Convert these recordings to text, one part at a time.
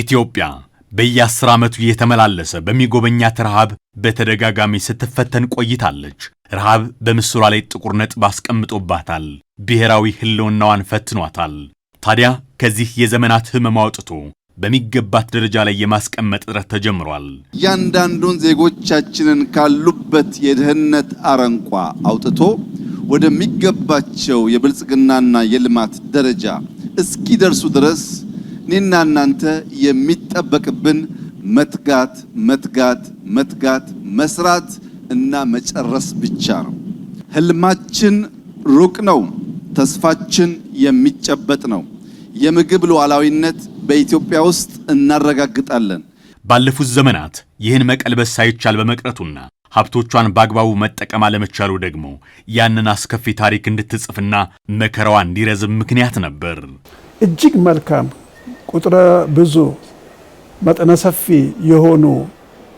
ኢትዮጵያ በየአስር ዓመቱ እየተመላለሰ በሚጎበኛት ረሃብ በተደጋጋሚ ስትፈተን ቆይታለች። ረሃብ በምስሏ ላይ ጥቁር ነጥብ አስቀምጦባታል፣ ብሔራዊ ሕልውናዋን ፈትኗታል። ታዲያ ከዚህ የዘመናት ህመም አውጥቶ በሚገባት ደረጃ ላይ የማስቀመጥ ጥረት ተጀምሯል። እያንዳንዱን ዜጎቻችንን ካሉበት የድህነት አረንቋ አውጥቶ ወደሚገባቸው የብልጽግናና የልማት ደረጃ እስኪደርሱ ድረስ እኔና እናንተ የሚጠበቅብን መትጋት መትጋት መትጋት መስራት እና መጨረስ ብቻ ነው። ህልማችን ሩቅ ነው። ተስፋችን የሚጨበጥ ነው። የምግብ ሉዓላዊነት በኢትዮጵያ ውስጥ እናረጋግጣለን። ባለፉት ዘመናት ይህን መቀልበስ ሳይቻል በመቅረቱና ሀብቶቿን በአግባቡ መጠቀም አለመቻሉ ደግሞ ያንን አስከፊ ታሪክ እንድትጽፍና መከራዋ እንዲረዝም ምክንያት ነበር። እጅግ መልካም ቁጥረ ብዙ መጠነ ሰፊ የሆኑ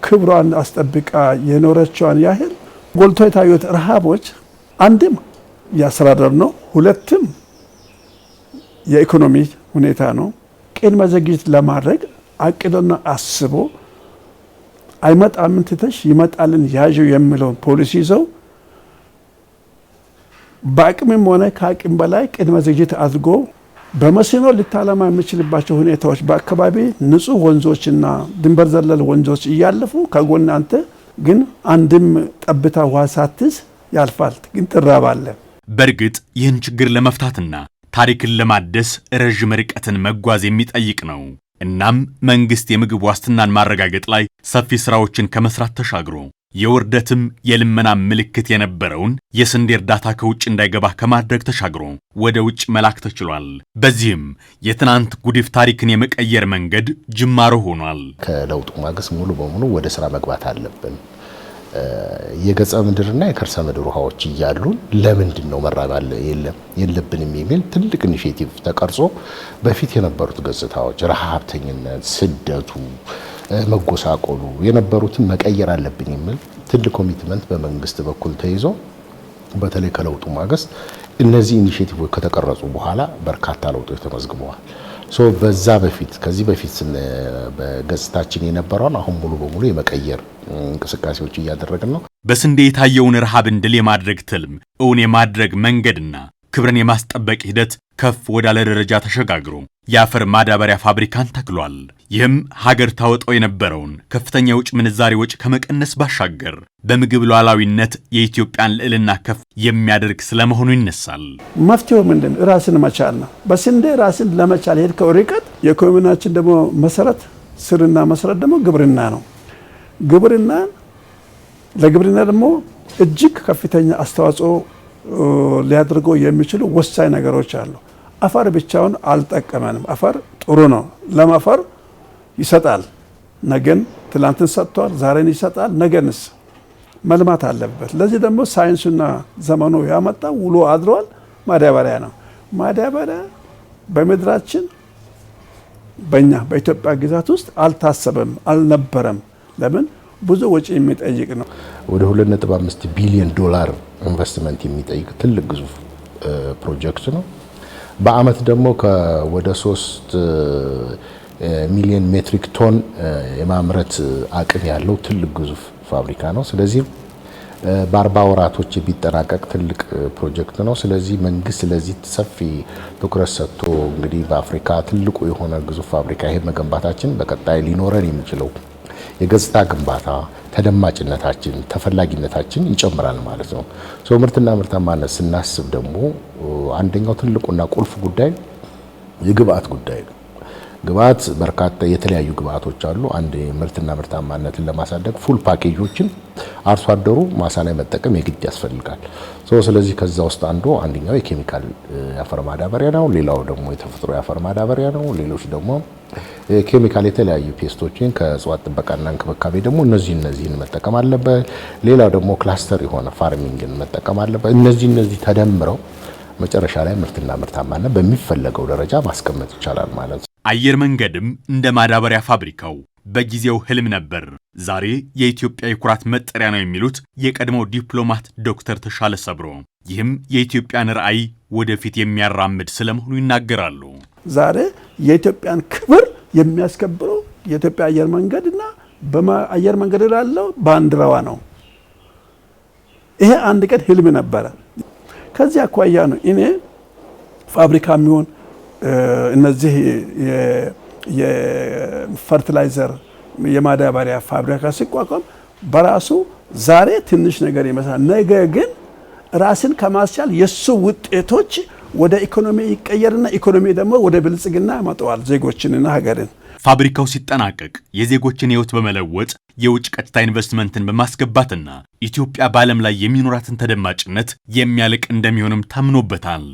ክብሯን አስጠብቃ የኖረችዋን ያህል ጎልቶ የታዩት ረሃቦች አንድም የአስተዳደር ነው፣ ሁለትም የኢኮኖሚ ሁኔታ ነው። ቅድመ ዝግጅት ለማድረግ አቅዶና አስቦ አይመጣም ትተሽ ይመጣልን ያዥው የሚለውን ፖሊሲ ይዘው በአቅምም ሆነ ከአቅም በላይ ቅድመ ዝግጅት አድርጎ በመስኖ ልታለማ የምችልባቸው ሁኔታዎች በአካባቢ ንጹህ ወንዞችና ድንበር ዘለል ወንዞች እያለፉ ከጎን አንተ ግን አንድም ጠብታ ውሃ ሳትስ ያልፋል፣ ግን ትራባለህ። በእርግጥ ይህን ችግር ለመፍታትና ታሪክን ለማደስ ረዥም ርቀትን መጓዝ የሚጠይቅ ነው። እናም መንግሥት የምግብ ዋስትናን ማረጋገጥ ላይ ሰፊ ሥራዎችን ከመስራት ተሻግሮ የውርደትም የልመና ምልክት የነበረውን የስንዴ እርዳታ ከውጭ እንዳይገባ ከማድረግ ተሻግሮ ወደ ውጭ መላክ ተችሏል። በዚህም የትናንት ጉዲፍ ታሪክን የመቀየር መንገድ ጅማሮ ሆኗል። ከለውጡ ማግስት ሙሉ በሙሉ ወደ ስራ መግባት አለብን። የገጸ ምድርና የከርሰ ምድር ውሃዎች እያሉን ለምንድን ነው መራባለ የለም የለብንም የሚል ትልቅ ኢኒሽቲቭ ተቀርጾ በፊት የነበሩት ገጽታዎች ረሃብተኝነት፣ ስደቱ መጎሳቆሉ የነበሩትን መቀየር አለብን የሚል ትልቅ ኮሚትመንት በመንግስት በኩል ተይዞ በተለይ ከለውጡ ማግስት እነዚህ ኢኒሽቲቭ ከተቀረጹ በኋላ በርካታ ለውጦች ተመዝግበዋል። ሶ በዛ በፊት ከዚህ በፊት በገጽታችን የነበረውን አሁን ሙሉ በሙሉ የመቀየር እንቅስቃሴዎች እያደረግን ነው። በስንዴ የታየውን ረሃብን ድል የማድረግ ትልም እውን የማድረግ መንገድና ክብርን የማስጠበቅ ሂደት ከፍ ወዳለ ደረጃ ተሸጋግሮ የአፈር ማዳበሪያ ፋብሪካን ተክሏል። ይህም ሀገር ታወጣው የነበረውን ከፍተኛ የውጭ ምንዛሬ ወጪ ከመቀነስ ባሻገር በምግብ ሉዓላዊነት የኢትዮጵያን ልዕልና ከፍ የሚያደርግ ስለመሆኑ ይነሳል። መፍትሄው ምንድን ነው? ራስን መቻል ነው። በስንዴ ራስን ለመቻል ሄድከው ርቀት የኢኮኖሚናችን ደግሞ መሰረት ስርና መሰረት ደግሞ ግብርና ነው። ግብርና ለግብርና ደግሞ እጅግ ከፍተኛ አስተዋጽኦ ሊያደርገው የሚችሉ ወሳኝ ነገሮች አሉ። አፈር ብቻውን አልጠቀመንም። አፈር ጥሩ ነው። ለም አፈር ይሰጣል። ነገን ትላንትን ሰጥቷል፣ ዛሬን ይሰጣል። ነገንስ መልማት አለበት። ለዚህ ደግሞ ሳይንሱና ዘመኑ ያመጣ ውሎ አድሯል ማዳበሪያ ነው። ማዳበሪያ በምድራችን በእኛ በኢትዮጵያ ግዛት ውስጥ አልታሰበም፣ አልነበረም። ለምን ብዙ ወጪ የሚጠይቅ ነው። ወደ 2.5 ቢሊዮን ዶላር ኢንቨስትመንት የሚጠይቅ ትልቅ ግዙፍ ፕሮጀክት ነው። በአመት ደግሞ ወደ 3 ሚሊዮን ሜትሪክ ቶን የማምረት አቅም ያለው ትልቅ ግዙፍ ፋብሪካ ነው። ስለዚህ በአርባ ወራቶች የሚጠናቀቅ ትልቅ ፕሮጀክት ነው። ስለዚህ መንግስት ለዚህ ሰፊ ትኩረት ሰጥቶ እንግዲህ በአፍሪካ ትልቁ የሆነ ግዙፍ ፋብሪካ ይሄ መገንባታችን በቀጣይ ሊኖረን የሚችለው የገጽታ ግንባታ ተደማጭነታችን፣ ተፈላጊነታችን ይጨምራል ማለት ነው። ሶ ምርትና ምርታማነት ስናስብ ደግሞ አንደኛው ትልቁና ቁልፍ ጉዳይ የግብአት ጉዳይ ነው። ግብአት በርካታ የተለያዩ ግብአቶች አሉ። አንድ ምርትና ምርታማነትን ለማሳደግ ፉል ፓኬጆችን አርሶ አደሩ ማሳ ላይ መጠቀም የግድ ያስፈልጋል። ስለዚህ ከዛ ውስጥ አንዱ አንደኛው የኬሚካል የአፈር ማዳበሪያ ነው። ሌላው ደግሞ የተፈጥሮ የአፈር ማዳበሪያ ነው። ሌሎች ደግሞ ኬሚካል የተለያዩ ፔስቶችን ከእጽዋት ጥበቃና እንክብካቤ ደግሞ እነዚህ እነዚህን መጠቀም አለበት። ሌላው ደግሞ ክላስተር የሆነ ፋርሚንግን መጠቀም አለበት። እነዚህ እነዚህ ተደምረው መጨረሻ ላይ ምርትና ምርታማነት በሚፈለገው ደረጃ ማስቀመጥ ይቻላል ማለት ነው። አየር መንገድም እንደ ማዳበሪያ ፋብሪካው በጊዜው ህልም ነበር፣ ዛሬ የኢትዮጵያ የኩራት መጠሪያ ነው የሚሉት የቀድሞው ዲፕሎማት ዶክተር ተሻለ ሰብሮ፣ ይህም የኢትዮጵያን ራዕይ ወደፊት የሚያራምድ ስለመሆኑ ይናገራሉ። ዛሬ የኢትዮጵያን ክብር የሚያስከብረው የኢትዮጵያ አየር መንገድ እና በአየር መንገድ ላለው ባንዲራዋ ነው። ይሄ አንድ ቀን ህልም ነበረ። ከዚህ አኳያ ነው እኔ ፋብሪካ የሚሆን እነዚህ የፈርትላይዘር የማዳበሪያ ፋብሪካ ሲቋቋም በራሱ ዛሬ ትንሽ ነገር ይመስላል። ነገ ግን ራስን ከማስቻል የእሱ ውጤቶች ወደ ኢኮኖሚ ይቀየርና ኢኮኖሚ ደግሞ ወደ ብልጽግና ያመጣዋል ዜጎችንና ሀገርን። ፋብሪካው ሲጠናቀቅ የዜጎችን ሕይወት በመለወጥ የውጭ ቀጥታ ኢንቨስትመንትን በማስገባትና ኢትዮጵያ በዓለም ላይ የሚኖራትን ተደማጭነት የሚያልቅ እንደሚሆንም ታምኖበታል።